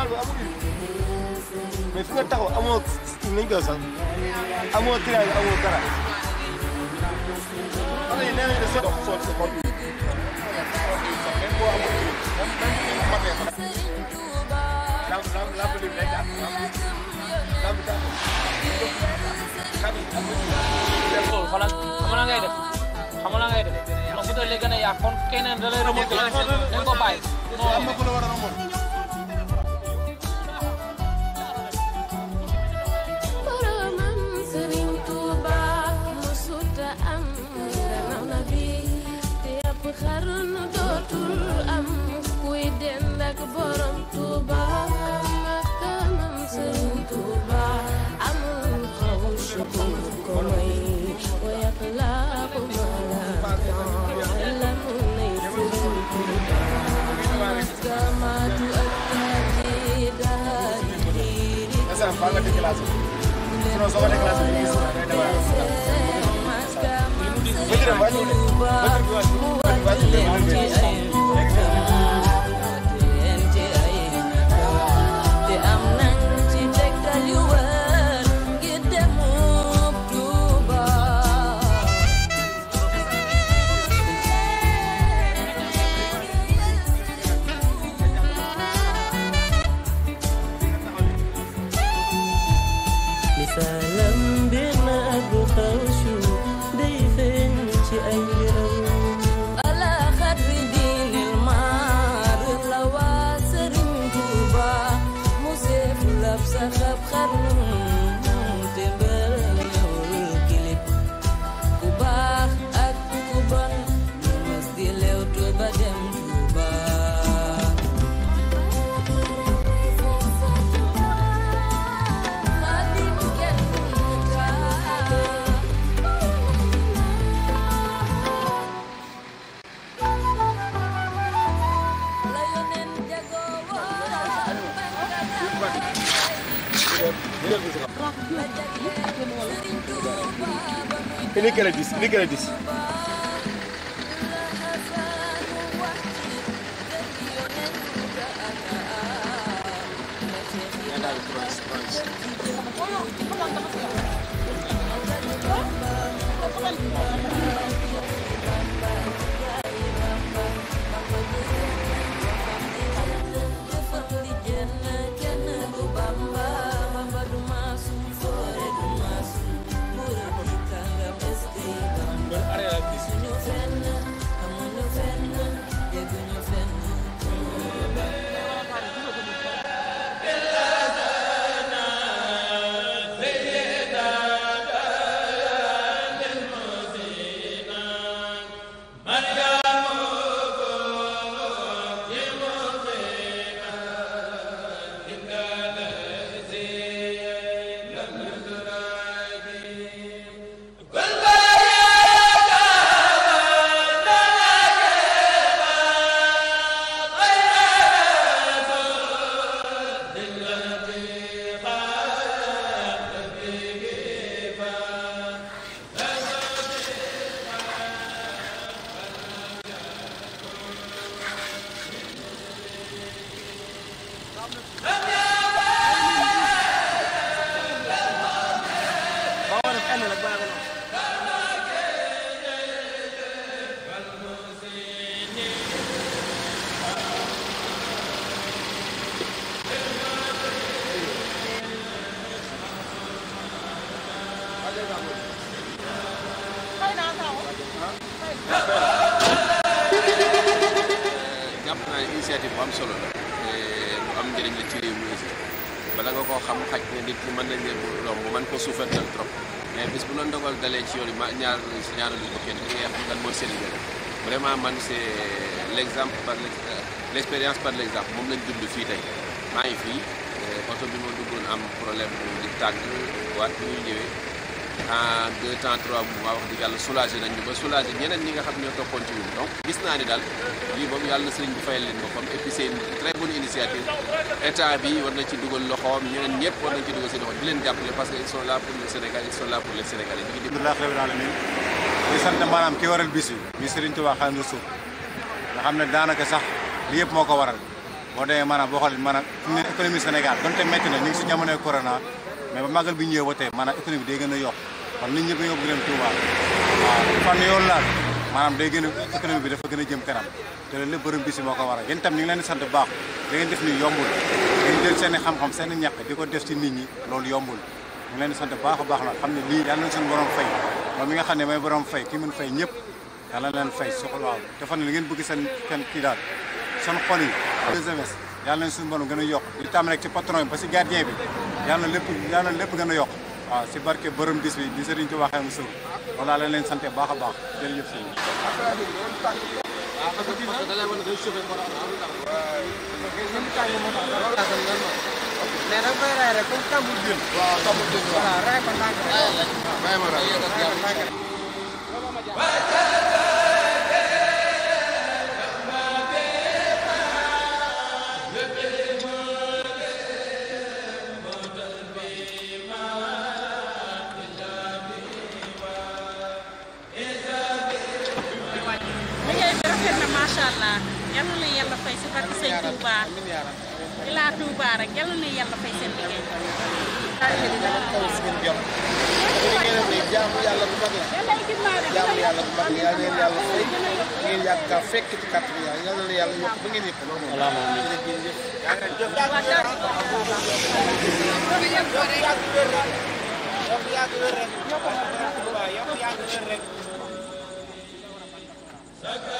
xaal ba amul mais fi nga taxaw amoo nañ ko sax amoo tiraay amoo dara xale yi nee nañ de sa dox sool sa xol xoolal xam na ngay def xam na ngay def ndax su dee léegi nag yaa kon keneen da lay remonté dañ ko bàyyi non am na ku la war a remonté déclassé sinon soo ko déclassé da ngay si day demaat si dara. Ele gradis, ele gradis. Thank you. li ngay xam lan man c' est l' exemple par l' euh, expérience par l' exemple moom lañ dund fii tey maa ngi fii euh, oto bi ma duggoon am problème di tàgg waat bi ñuy ñëwee en deux temps trois mois wax ñeneen ñi nga xam ñoo toppoon ci ñun donc gis naa ni daal lii boobu yàlla na sëriñ bi fayal leen boppam et puis c' est une très bonne initiative état bi war na ci dugal loxoom ñeneen ñëpp war nañ ci dugal seen loxo di leen jàppale parce que ils sont là pour le Sénégal ils sont là pour les Sénégalais. alhamdulilah rabbil alamin di sant maanaam ki waral bis bi muy Serigne Touba Xaadimu Rasuul nga xam ne daanaka sax li yëpp moo ko waral boo demee maanaam boo xoolee maanaam fi mu ne économie Sénégal donte métti na ñu ngi si jamonoy corona mais ba màggal bi ñëwee ba tey maanaam économie day gën a yokk kon nit ñëpp dañoo bëgg dem Touba waaw fan yoon maanaam day gën a économie bi dafa gën a jëm kanam te loolu lépp borom bis bi moo ko waral yéen itam ñu ngi leen sant bu baax da ngeen def ni yombul ngeen jël seen i xam-xam seen i ñàkk di ko def ci nit ñi loolu yombul ñu leen di sant baax a baax nag xam ne lii yàlla na suñu borom fay moom mi nga xam ne mooy borom fay ki mën fay ñëpp yàlla na leen fay soxla waaw te fan li ngeen bëgg seen kenn kii daal seen xol yi sms yàlla na suñu borom gën a yokk di tam rek ci patron ba si gardien bi yàlla na lépp yàlla na a yokk waaw si barke borom bis bi di sëriñ ci waxee mu sëw wala la leen sant baax a baax jërëjëf mais da nga koy raay rek comme tàmbul jën. waaw tàmbul jën voilà raay ko ndànk rek. raay ma raay ko macha allah yal na la yàlla fay si barke sëñ Tuubaa ilaa Touba rek yàlla na yàlla fay seen liggéey. jaamu yàlla bu mag la jaamu yàlla bu mag la yàlla na yàlla fay ngeen yàgg kaa fekk ci kàttan yàlla yàlla na yàlla yokk ba ngeen yëpp. waaw waaw waaw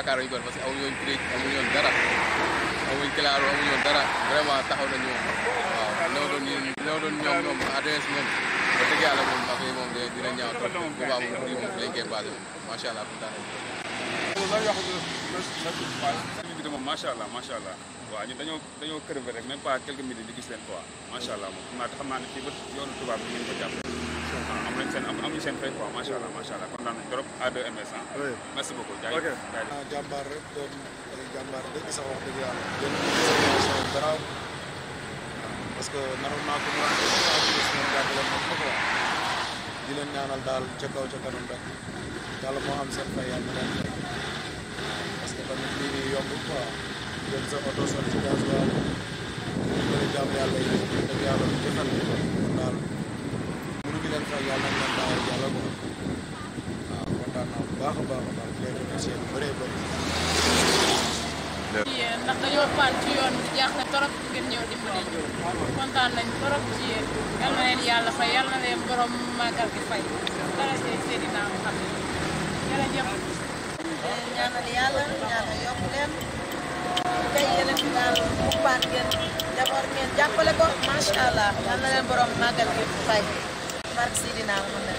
yaakaaruñu ko parce que amuñu woon crédit amuñu woon dara amuñu claro amuñu woon dara vraiment taxaw nañu woon waaw ñoo doon ñoo doon ñoom ñoom adresse moom ba dëgg yàlla moom affaire yi moom dina ñaaw trop bu baax moom prix moom fi lañ koy basé moom macha allah kontaan nañu moom macha allah macha allah waaw ñun dañoo dañoo crevé rek même pas quelques minutes ñu gis leen quoi macha allah moom xam naa xam naa ne fii ba yoonu tubaab bi ñu ko jàppale am nañ seen am nañ seen fay quoi macha allah macha allah kontaan nañ trop A2MS ah. merci beaucoup jaajëf jaajëf. jàmbaar rek doon jàmbaar dëgg sax a ngi gis que naroon naa ko daal ca kaw ca kanam rek moo am seen fay daal parce que tamit lii nii yomb quoi jël sa projet bi ndax dañoo faal ci yoon bi jaaxle trop ngeen ñëw dimbali kontaan nañ trop ci yéen yal na leen yàlla fay yal na leen borom màggal gi fay dara see seen i naam xam ne jërëjëf. ñaanal yàlla ñaanal yokk leen tey yéen a fi daal jàppale ko macha allah yal leen borom màggal gi fay barke Sidina Muhammad.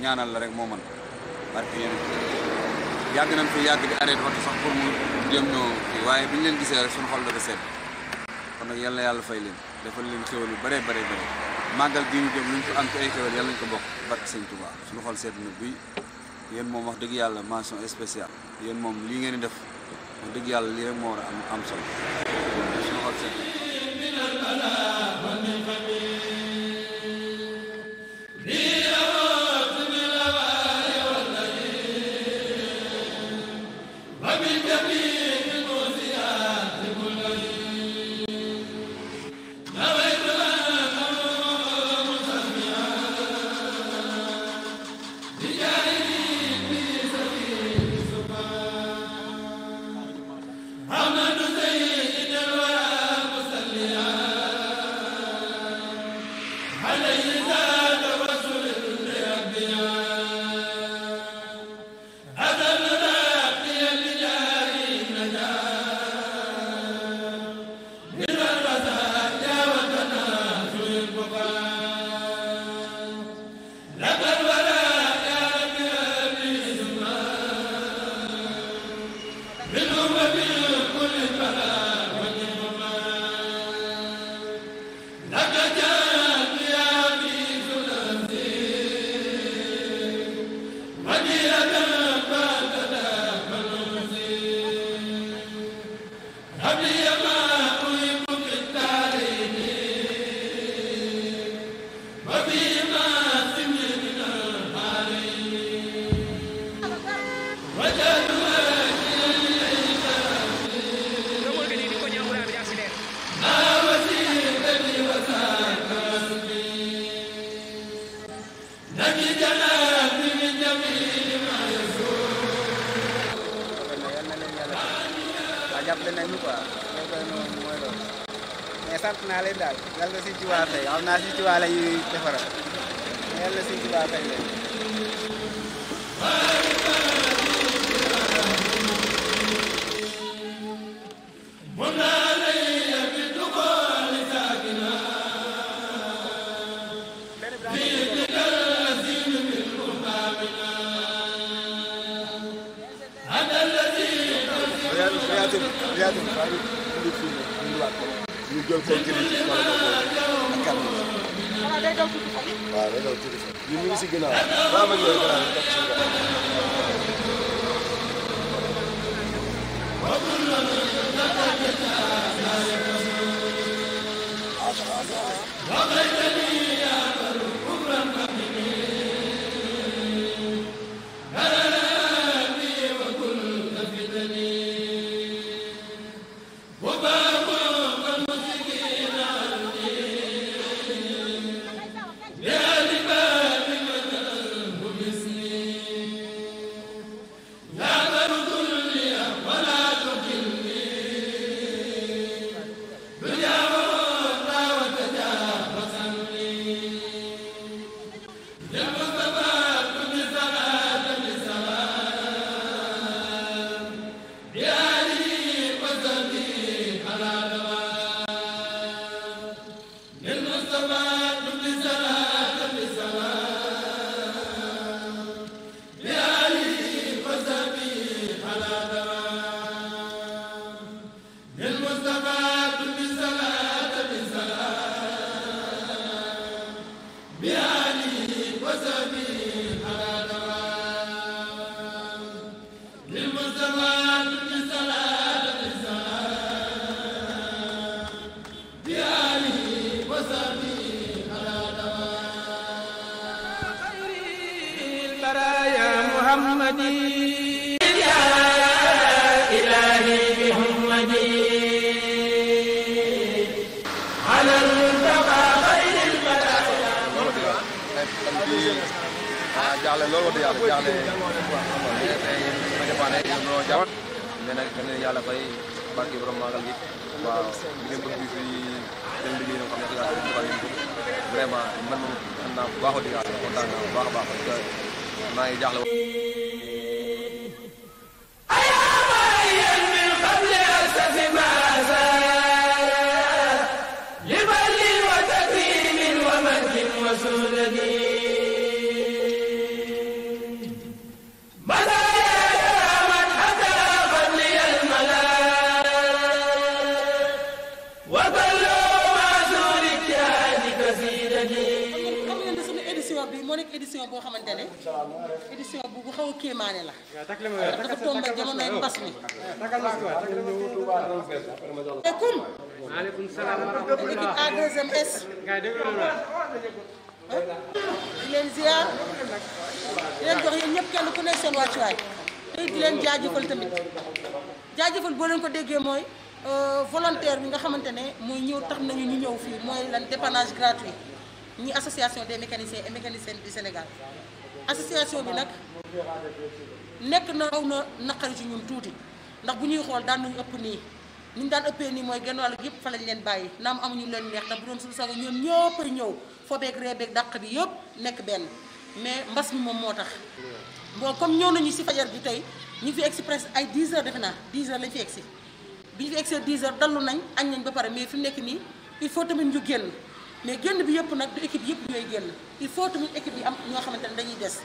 ñaanal la rek moo man parce que yàgg nañ fi yàgg di arrêté oto sax pour mu jëm ñoo waaye bi ñu leen gisee rek suñu xol dafa sedd kon nag yàlla yàlla fay leen defal leen xéwal yu bëree bëri bëri màggal gi ñu jëm luñ ko am ci ay xéwal yàlla nañ ko bokk barke sëñ Touba suñu xol sedd na buy yéen moom wax dëgg yàlla mention spéciale yéen moom lii ngeen di def wax dëgg yàlla lii rek moo war a am am solo waa la ñuy defaral محمد يا إلهي بمحمد على المنتقى خير الملائكة mais nag dañ leen yàlla fay barke borom màggal gi waaw li ngeen bëgg bi fii seen liggéey ñoo xam ne digaag bi defal ko vraiment man moom xam naa bu baax a digaag kontaan naa bu baax a baax parce que maa ngi jaaxle moo nekk édition boo xamante ne édition bu bu xaw a kéemaane la ndax dafa tombé jamonoy mbas mi alaykum eh, maaleykum salaam wa rahmatulah A2S di leen ziar di leen jox yéen ñëpp kenn ku nekk seen wàccuwaay tey di leen jaajëfal tamit jaajëfal boo leen ko déggee mooy euh, volontaire bi nga xamante ne mooy ñëw tax nañu ñu ñëw fii mooy lan dépannage gratuit ñi association des mécaniciens et mécaniciennes du Sénégal association bi nag nekk na raw na naqari ci ñun tuuti ndax bu ñuy xool daan nañu ëpp nii ni ñu daan ëppee nii mooy genn wàll yëpp fa lañ leen bàyyi naam amuñu leen neex ndax bu doon suñu sago ñoom ñëpp a ñëw fobeeg reebeeg dàq bi yëpp nekk benn mais mbas mi moom moo tax. bon comme ñëw nañu si fajar bi tey ñu fi egsi presque ay 10 heures defe naa 10 heures lañ fi egsi bi ñu fi egsi 10 heures dallu nañ añ nañ ba pare mais fi mu nekk nii il faut tamit ñu génn. mais génn bi yëpp nag du équipe yëpp ñooy génn il faut tamit équipe yi am ñoo xamante dañuy des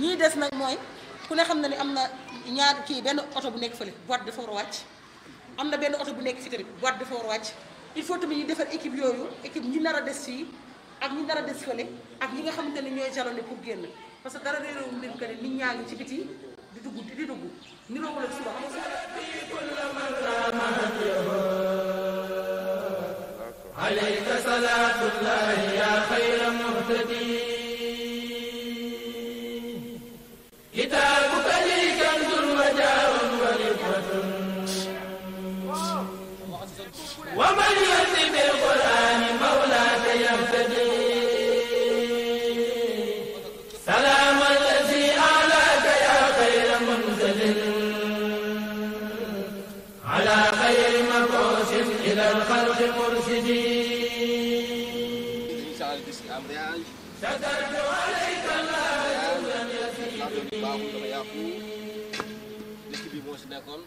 ñii des nag mooy ku ne xam na ni am na ñaar kii benn oto bu nekk fële boîte dafa war wàcc am na benn oto bu nekk fi tamit boîte dafa war wàcc il faut tamit ñu defar équipe yooyu équipe ñi nar a des fii ak ñi nar a des fële ak ñi nga xamante ne ñooy jalonné pour génn parce que dara réeréwu mbir que ne nit ci biti di dugg di dugg niroo wala suba alayka salaatullahi nekkoon.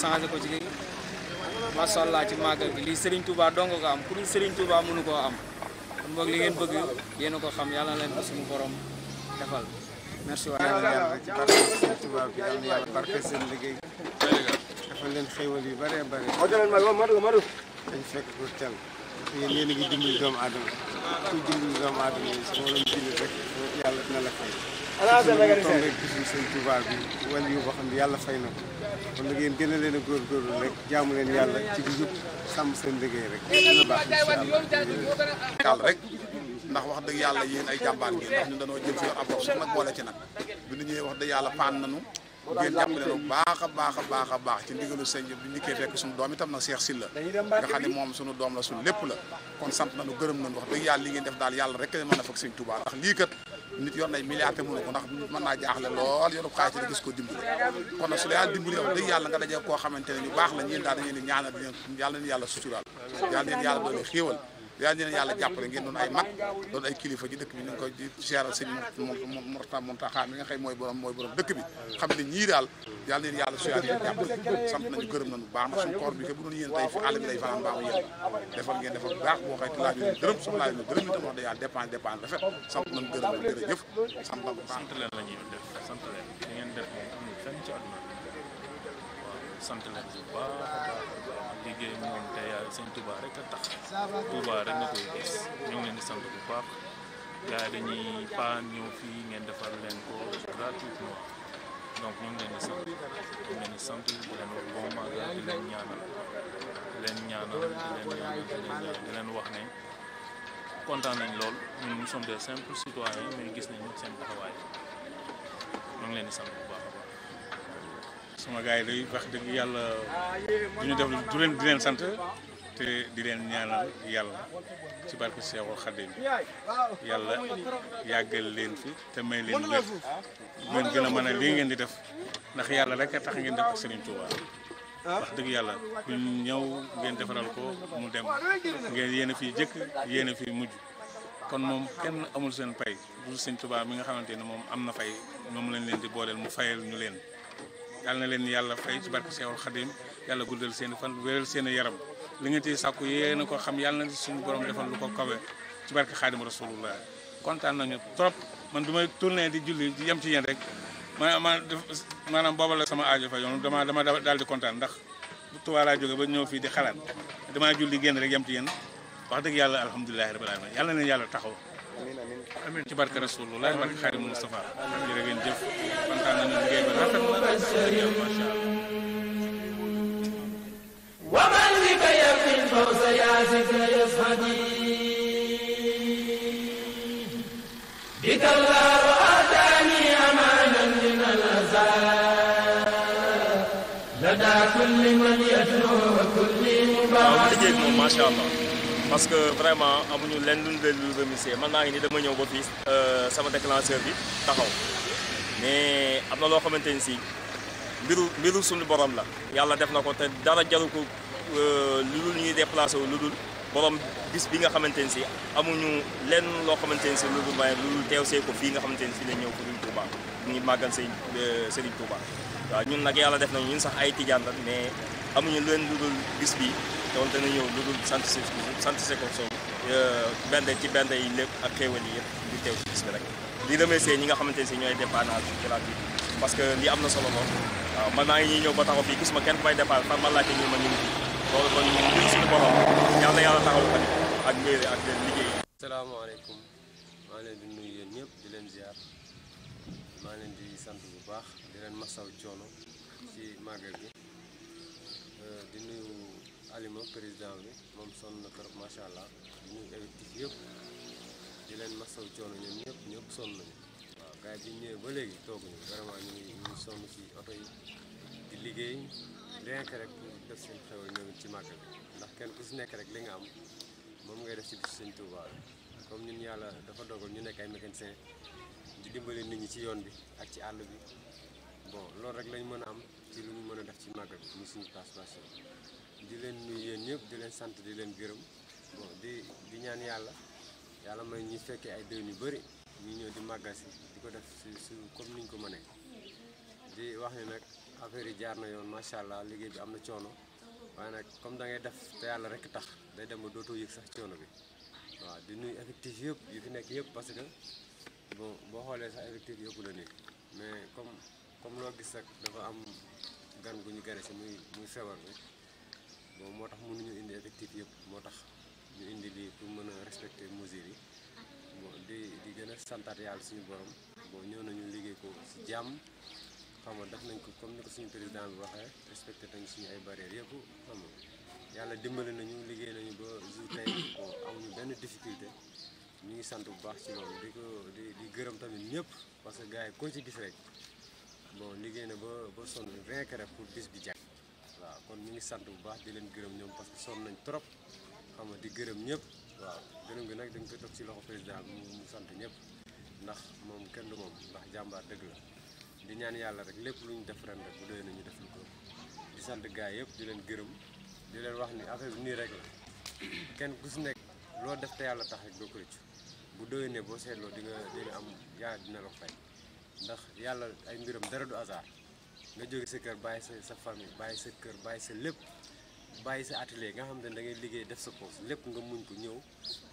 changé ko ci lii macha allah ci màggal gi lii Serigne Touba dong ko am ku dul Serigne Touba mënu koo am kon boog li ngeen bëgg yéen a ko xam yàlla na leen ko suñu borom defal merci. yàlla na yàlla barke Serigne Touba bi yàlla na yàlla barke seen liggéey dafa leen xéewal yu bëree bëri. dañ fekk pour tel yéen yéen a ngi dimbali doomu aadama kuy dimbali doomu aadama yi sama leen jullit rek yàlla dina la fay. alaasa la nga defee gisul bi wàll yu boo xam ne yàlla fay na ko kon nag yéen gën a leen a góorgóorlu rek jaamu leen yàlla ci jub sàmm seen liggéey rek dina baax incha rek ndax wax dëgg yàlla yéen ay jàmbaar ngeen ndax ñun dañoo jël si yor apport su ci nag bi ñu ñëwee wax dëgg yàlla paan nañu ngeen jàppale bu baax a baax a baax a baax ci ndigalu sëñ bi ñu koy fekk suñu doom itam nag si la nga xam ne moom suñu doom la suñu lépp la kon sant nañu gërëm nañu wax dëgg yàlla li ngeen def daal yàlla rek mën a fekk sëñ Touba ndax lii nit yor nay milliards te mënu ko ndax nit mën naa jaaxle lool yorub xaalis te gis ko dimbali kon nag su la yàlla yow dëgg yàlla nga dajee koo xamante ne ñu baax la ñeen daal dañeen di ñaanal di leen yàlla leen yàlla suturaal yàlla leen yàlla doole yal na yàlla jàppale ngeen doon ay mag doon ay kilifa ci dëkk bi ñu ngi koy di ziaral sëñ Murtada Muntaxa mi nga xëy mooy borom mooy borom dëkk bi xam ne ñii daal yal na yàlla suyaat yéen jàppale sant nañu gërëm nañu baax na suñu koor bi ke bu doon yéen tey fi àll bi lay fanaan baaxu yéen defal ngeen defal baax boo xëy te laaju leen dërëm soxlaa leen dërëm itam wax dëgg yàlla dépense dépense rafet sant nañu gërëm nañu la ñuy def sant leen sant leen bu baax a baax liggéey moom te yaay seen Touba rek a tax Touba rek nga koy gis ñu leen di sant bu baax gars yi dañuy paan ñëw fii ngeen defar leen ko gratuitement donc ñu ngi leen di sant ñu ngi leen di sant leen wax bon magal di leen di leen ñaanal leen ñaanal di leen wax ne kontaan nañ lool ñu ñu sommes des simples citoyens gis nañ seen taxawaay ñu ngi leen di sant. sama gars yi day wax dëgg yàlla du ñu def du leen di leen sant te di leen ñaanal yàlla ci barke Seexul Xadim yàlla yàggal leen fi te may leen wér ngeen gën a mën a lii ngeen di def ndax yàlla rek a tax ngeen def ak Serigne Touba. wax dëgg yàlla duñ ñëw ngeen defaral ko mu dem ngeen yéen a fi jëkk yéen fi mujj kon moom kenn amul seen pay bu Serigne Touba mi nga xamante ni moom am na fay moom lañ leen di booleel mu fayal ñu leen. yàlla na leen yàlla fay ci barke Seexul Xadim yàlla guddal seen fan wéral seen yaram li nga ciy sàkku yéen a ko xam yàlla na suñu borom defal lu ko kawe ci barke Xadim Rasulullah kontaan nañu trop man du may tourné di julli di yem ci yéen rek ma ma maanaam booba la sama aajo fa yoon dama dama daal di kontaan ndax Tuubaa laa jóge ba ñëw fii di xalaat damaa julli génn rek yem ci yéen wax dëgg yàlla alhamdulilahi rabbil alamin yàlla na yàlla taxaw amiin ci barke rasulullah barke xaadimu Mustafa jërë man li ka yaqin fawsa yaasif la yasxadi bika allah atani amanan min al kulli man yatlu wa kulli mubaasi macha allah parce que vraiment amuñu lenn luñ leen di remercier man naa ngi nii dama ñëw ba fii euh, sama déclencheur bi taxaw mais am na loo xamante ni si mbiru mbiru suñu borom la. yàlla def na ko te dara jaru ko euh, lu ñuy déplacé wu lu dul borom bis bi nga xamante ni si amuñu lenn loo xamante ni si lu dul waaye lu see ko fii nga xamante ni si la ñëw ko duñ Touba ñu màggal sëñ euh, Serigne Touba waaw ñun nag yàlla def nañu ñun sax ay tijaan la mais amuñu leen lu dul bis bi. doonte na ñëw lu dul sant si sant si ko soom euh, bende ci bende yi lépp ak xéewal yi yëpp di teew si bis bi rek di remercier ñi nga xamante ne si ñooy dépannage gratuit parce que li am na solo lool waaw man maa ngi ñuy ñëw ba taxaw fii gis ma kenn fay départ par ma laajte ñu ma ñu ngi loolu kon ñu suñu borom yal na yàlla taxaw ko ak mbir ak liggéey yi asalaamaaleykum maa leen di nuyu yéen ñëpp di leen ziar maa leen di sant bu baax di leen masaw coono ci màggal gi euh, Alima président bi moom sonn na trop macha allah ñuy effectif yëpp di leen masaw coono ñoom ñëpp ñëpp sonn nañu waaw gars yi bi ñëwee ba léegi tooguñu vraiment ñu ngi ñu sonn ci oto yi di liggéey rien que rek pour def seen xewal ñoom ci màggal ndax kenn ku si nekk rek li nga am moom ngay def ci bis sëñ Touba comme ñun yàlla dafa dogal ñu nekk ay mécanicien di dimbale nit ñi ci yoon bi ak ci àll bi bon loolu rek lañ mën a am ci lu ñu mën a def ci màggal bi ñu suñu passe di leen nuyu yéen ñëpp di leen sant di leen gërëm bon di di ñaan yàlla yàlla may ñuy fekkee ay déwén yu bëri ñu ñëw di màggal di ko def si su comme niñ ko mënee di wax ni nag affaire yi jaar na yoon macha allah liggéey bi am na coono waaye nag comme da ngay def te yàlla rek tax day dem ba dootoo yëg sax coono bi waaw di nuy effectif yëpp yi fi nekk yëpp parce que bon boo xoolee sax effectif yëpp la nekk mais comme comme loo gis rek dafa am gan gu ñu gane si muy muy feebar bon moo tax mun mënuñu indi effectif yëpp moo tax ñu indi lii pour mën a respecter mesures yi di di gën a santaat yàlla suñu borom bon ñëw nañu liggéey ko si jàmm xam nga def nañ ko comme ni ko suñu président bi waxee respecté nañ suñu ay barrières yëpp xam nga yàlla dimbali nañu liggéey nañu ba jour tey bon amuñu benn difficulté ñu ngi sant bu baax ci loolu di ko di di gërëm tamit ñëpp parce que gars yi koo ci gis rek bon liggéey na ba ba sonn vaincre pour bis bi jàpp. waaw kon ñu ngi sant bu baax di leen gërëm ñoom parce que sonn nañ trop xam nga di gërëm ñëpp waaw gërëm gi nag dañ ko toog ci loxo président bi mu sant ñëpp ndax moom kenn du moom ndax jàmbaar dëgg la di ñaan yàlla rek lépp lu ñu def ren rek bu doy nañu def lu ko di sant gars yëpp di leen gërëm di leen wax ni affaire bi nii rek la kenn ku si nekk loo def te yàlla tax rek doo ko rëccu bu doy ne boo seetloo di nga di nga am yaa dina la fay ndax yàlla ay mbiram dara du hasard nga jóge sa kër bàyyi sa sa famille bàyyi sa kër bàyyi sa lépp bàyyi sa atelier nga xam ne da ngay liggéey def sa poos lépp nga muñ ko ñëw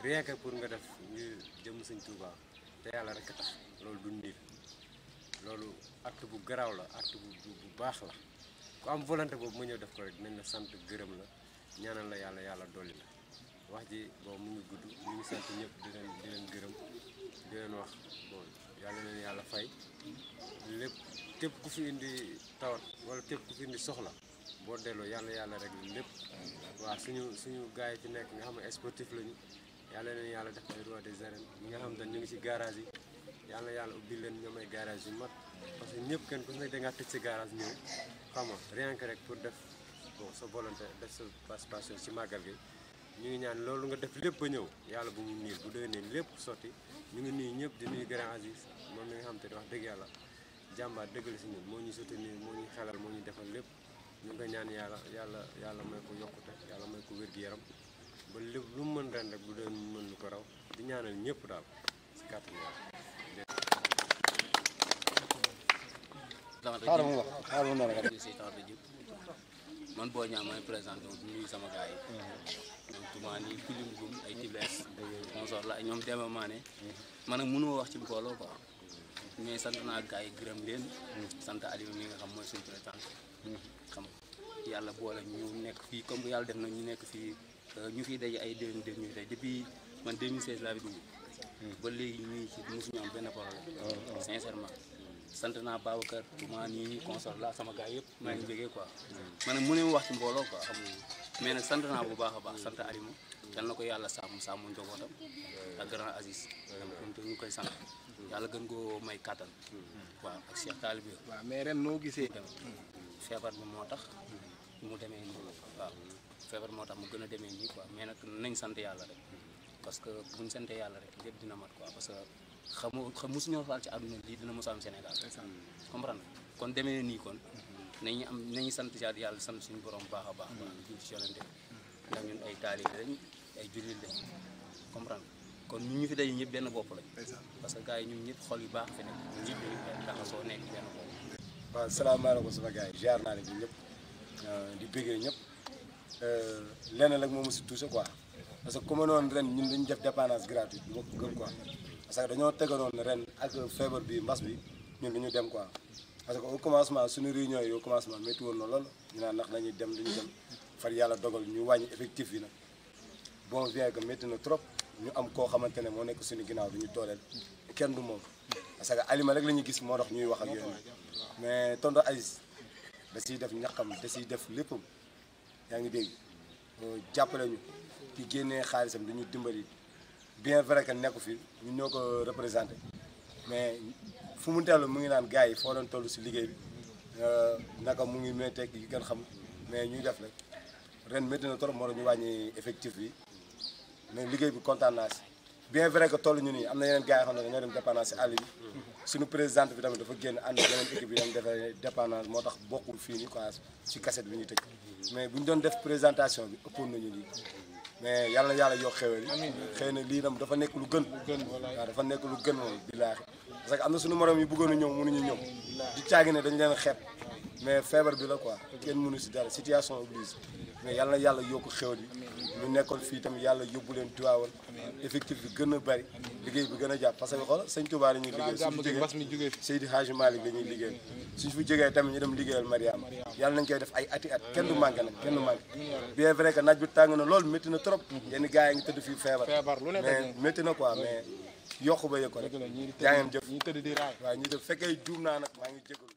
rien que pour nga def ñu jëm sëñ Touba te yàlla rek tax loolu du niil loolu acte bu garaaw la acte bu bu baax la ku am volonté boobu ma ñëw def ko rek dinañ la sant gërëm la ñaanal la yàlla yàlla dolli la wax ji bon mu ngi gudd ñu ngi sant ñëpp di leen di leen gërëm di wax bon yàlla leen yàlla fay képp ku fi indi tawat wala képp ku fi indi soxla boo delloo yàlla yàlla rek lépp waaw suñu suñu gars yi ci nekk nga xam ne sportif lañu yàlla leen yàlla def ay roi des arènes ñi nga xam ne ñu ngi ci garage yi yàlla yàlla ubbi leen ñoom ay garage yu mag parce que ñëpp kenn ku si nekk da ngaa tëj sa garage ñëw xam nga rien que rek pour def bon sa volonté def sa participation ci màggal gi ñu ngi ñaan loolu nga def lépp ba ñëw yàlla bu mu niir bu doy ne lépp sotti ñu ngi nuyu ñëpp di nuyu grand Aziz moom mi nga xam te di wax dëgg yàlla jàmbaar dëggal si ñun moo ñu soutenir moo ñu xelal moo ñu defal lépp ñu nga ñaan yàlla yàlla yàlla may ko yokkute yàlla may ko wér-gu-yaram ba lépp lu mu mën ren rek bu doon mën lu ko raw di ñaanal ñëpp daal si kàttan yàlla man boo ñaa may présenté wu nuyu sama gars yi donc mm-hmm. tumaani ay tibles sponsor la ñoom Demba man nag mënuma wax ci mbooloo quoi mais sant naa gars gërëm leen. sant Aliou mi nga xam mooy suñu président. xam yàlla boole ñu nekk fii comme yàlla def na ñu nekk fii euh, ñu fii daj ay déwén déwén ñu tey depuis man 2016 laa fi dugg. Hmm. ba léegi ñuy ci mosuñu am benn problème. Oh, oh. sincèrement. sant naa Babacar maa nii console la sama gars yëpp maa ngi jógee quoi hmm. Hmm. man mu ne mu wax ci mbooloo ko xam mais nag sant naa bu baax a baax sant Alima yal na ko yàlla sàmm sàmm njabootam ak grand Aziz donc ñu koy sant yàlla gën koo may kattan. waaw ak Cheikh Talib waaw mais ren noo gisee. feebar bi moo tax mu demee nii waaw moo tax mu gën a demee nii quoi mais nag nañ sant yàlla rek parce que buñ sant yàlla rek lépp dina mat quoi parce que xamoo xam mosuñoo faal ci àdduna lii dina mos a am Sénégal. comprendre kon demee nii kon. nañu am nañu sant yàlla sant suñu borom baax a baax. waaw ñu ngi ci yonente ndax ñun ay taalibe lañ ay jullit lañ comprendre kon ñu ñu fi daje ñëpp benn bopp lañ parce que gars yi ñun ñëpp xol yu baax fi nekk ñun ñëpp dañu taxasoo nekk benn bopp waaw salaamaaleykum sama gars yi jaar naa ne bi ñëpp euh, di bëggee ñëpp euh, lenn rek moom si touché quoi parce que comme noonu ren ñun dañu def dépendance gratuite moo ko gën quoi parce ren ak feebar bi mbas bi ñun du ñu dem quoi parce que au commencement suñu réunion yi au commencement métti woon na lool ñu naan ndax dañuy dem du ñu dem far yàlla dogal ñu wàññi effectif yi nag bon bien que métti na trop ñu am koo xamante ne moo nekk suñu ginnaaw du ñu dooleel kenn du moom parce que alima rek lañuy gis moo tax ñuy wax ak yooyu mais tonton Aziz da siy def ñaxam da siy def léppam yaa ngi dégg jàppale ñu ki génnee xaalisam duñu dimbali bien vrai que nekku fi ñu ñoo ko représenté mais fu mu tellu mu ngi naan gars yi foo doon tollu si liggéey bi euh, naka mu ngi métteeg yi gën xam mais ñuy def rek ren métti na trop moo ñu wàññi effectif bi mais liggéey bi kontaan naa si bien vrai que toll ñu nii am na yeneen gars yoo xam ne dañoo dem dépendance si àll bi suñu présidente bi tamit dafa génn ànd ak yeneen équipe yi moo tax bokkul fii nii quoi si cassette bi ñu tëj mais bu ñu doon def présentation bi ëppoon nañu lii mais yàlla na yàlla yokk xéwal yi xëy na lii tam dafa nekk lu gën waaw dafa nekk lu gën moom billaahi parce que am na suñu morom yi bëggoon a ñëw mënuñu ñëw di caagi ne dañ leen xeeb mais feebar bi la quoi kenn mënu si dara situation oblige mais yàlla na yàlla yokk xéwal yi ñu nekkoon fii tamit yàlla yóbbu leen tuwaawal effectif bi gën a bari liggéey bi gën a jàpp parce que xoolal sëñ Touba la ñuy liggéey suñu jógee Seydi la ñuy liggéey suñu fi jógee tamit ñu dem liggéeyal Mariama yàlla nañ koy def ay ati at kenn du manqué nag kenn du manqué bien vrai que naaj bi tàng na lool métti na trop yenn gars yi ngi tëdd fii feebar mais métti na quoi mais yokku ba yëg rek yaa ngeen jëf waaw juum naa nag maa ngi jégalu